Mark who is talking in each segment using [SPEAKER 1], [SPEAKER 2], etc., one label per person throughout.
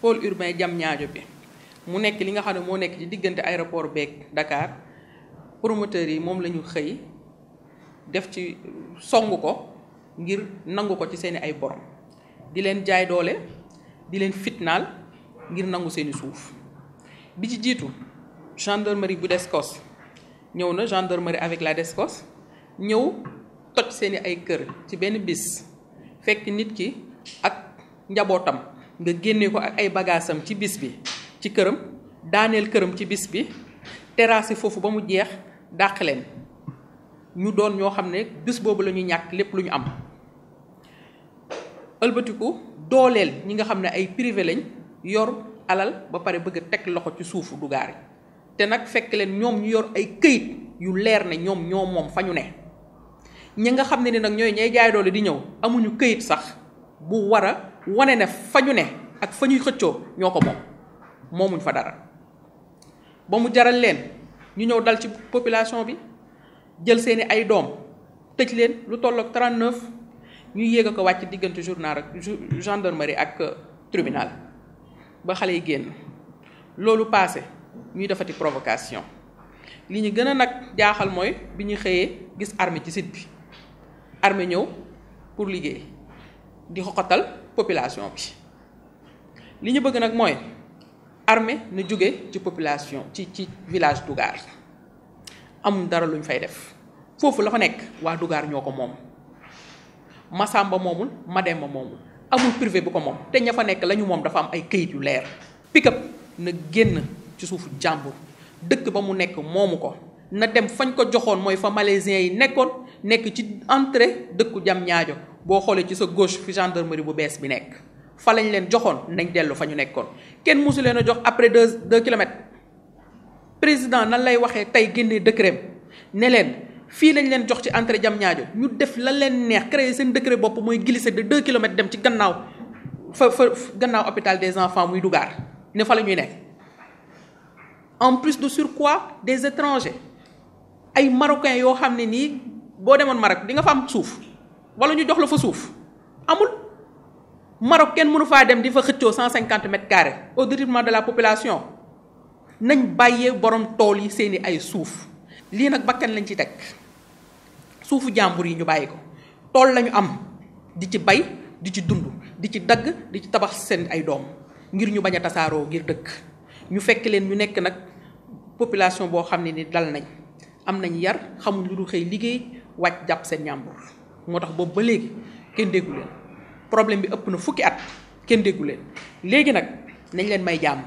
[SPEAKER 1] pôle urbain jam ñaajo bi mu nekk li nga xam ne moo nekk ci diggante aéroport beeg Dakar promoteur yi moom la ñu xëy def ci song ko ngir nangu ko ci seeni ay borom di leen jaay doole di leen fitnaal ngir nangu seeni suuf bi ci jiitu gendarmerie bu Descos ñëw na gendarmerie avec la Descos ñëw toj seeni ay kër ci benn bis fekk nit ki ak njabootam nga génne ko ak ay bagaasam ci bis bi ci këram daaneel këram ci bis bi terrasse foofu ba mu jeex dàq leen ñu doon ñoo xam ne bis boobu la ñu ñàkk lépp lu ñu am ëlbatiku dooleel ñi nga xam ne ay privé lañ yor alal ba pare bëgg teg loxo ci suufu dugaar yi te nag fekk leen ñoom ñu yor ay këyit yu leer ne ñoom ñoo moom fa ñu ne ñi nga xam ne ni nag ñooy ñay jaay doole di ñëw amuñu këyit sax bu war a wane ne fa ñu ne ak fa ñuy xëccoo ñoo ko moom moomuñ fa dara ba mu jaral leen ñu ñëw dal ci population bi jël seeni ay doom tëj leen lu tolloog 39 ñu yéeg a ko wàcc diggante journal ak gendarmerie ak euh, tribunal ba xale yi génn loolu passé ñuy defati provocation li ñu gën a nag jaaxal mooy bi ñu xëyee gis armée ci sit bi armée ñëw pour liggéey di xoxotal population bi li ñu bëgg nag mooy armée na jóge ci population ci ci village Dougar amul dara lu ñu fay def foofu la fa nekk waa Dougar ñoo ko moom Masamba moomul ma dem ma moomul amul privé bu ko moom te ña fa nekk lañu moom dafa am ay kayit yu leer pick na génn ci suufu jàmbur dëkk ba mu nekk moomu ko na dem fañ ko joxoon mooy fa malaisien yi nekkoon nekk ci entrée dëkku jam ñaajo boo xoolee ci sa gauche fi gendarmerie bu bees bi nekk fa lañ leen joxoon nañ dellu fa ñu nekkoon kenn mosu leen a jox après deux deux kilomètres président nan lay waxee tey génnee décret ne leen fii lañ leen jox ci entrée Diamniadio ñu def lan leen neex créer seen décret bopp mooy glisser de deux kilomètres dem ci gannaaw fa fa gannaaw hôpital des enfants muy Dougar ne fa la ñuy nekk en plus de surcroît des étrangers ay marocains yoo xam ne nii boo demoon Maroc di nga fa suuf. wala ñu jox la fa suuf amul Maroc kenn mënu faa dem di fa xëccoo cent cinquante mètres carrés au détriment de la population nañ bàyyee borom tool yi seeni ay suuf lii nag bakkan lañ ci teg suufu jàmbur yi ñu bàyyi ko tool lañu am di ci bay di ci dund di ci dagg di ci tabax seen ay doom ngir ñu bañ a tasaaroo ngir dëkk ñu fekk leen ñu nekk nag population boo xam ne ni dal nañ am nañ yar xamuñ lu dul xëy liggéey wàcc jàpp seen ñàmbur moo tax boobu ba léegi kenn déggu leen problème bi ëpp na fukki at kenn déggu leen léegi nag nañ leen may jàmm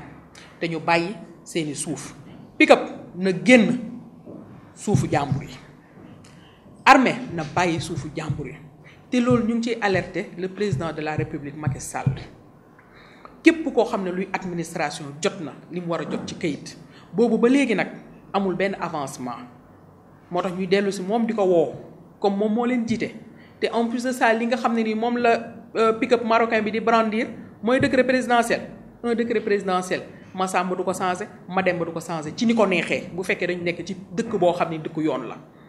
[SPEAKER 1] te ñu bàyyi seeni suuf pick-up na génn suufu jàmbur yi armée na bàyyi suufu jàmbur yi te loolu ñu ngi ciy alerter le président de la république Macky Sall képp koo xam ne luy administration jot na li mu war a jot ci kayit boobu ba léegi nag amul benn avancement moo tax ñuy dellu si moom di ko woo comme moom moo leen jiite. te en plus de ça li nga xam ne ni moom la euh, pick-up marocain bi di brandir mooy décret présidentiel un décret présidentiel Massamba du ko changé ma du ko changé ci ni ko neexee bu fekkee dañu nekk ci dëkk boo xam ne dëkk yoon la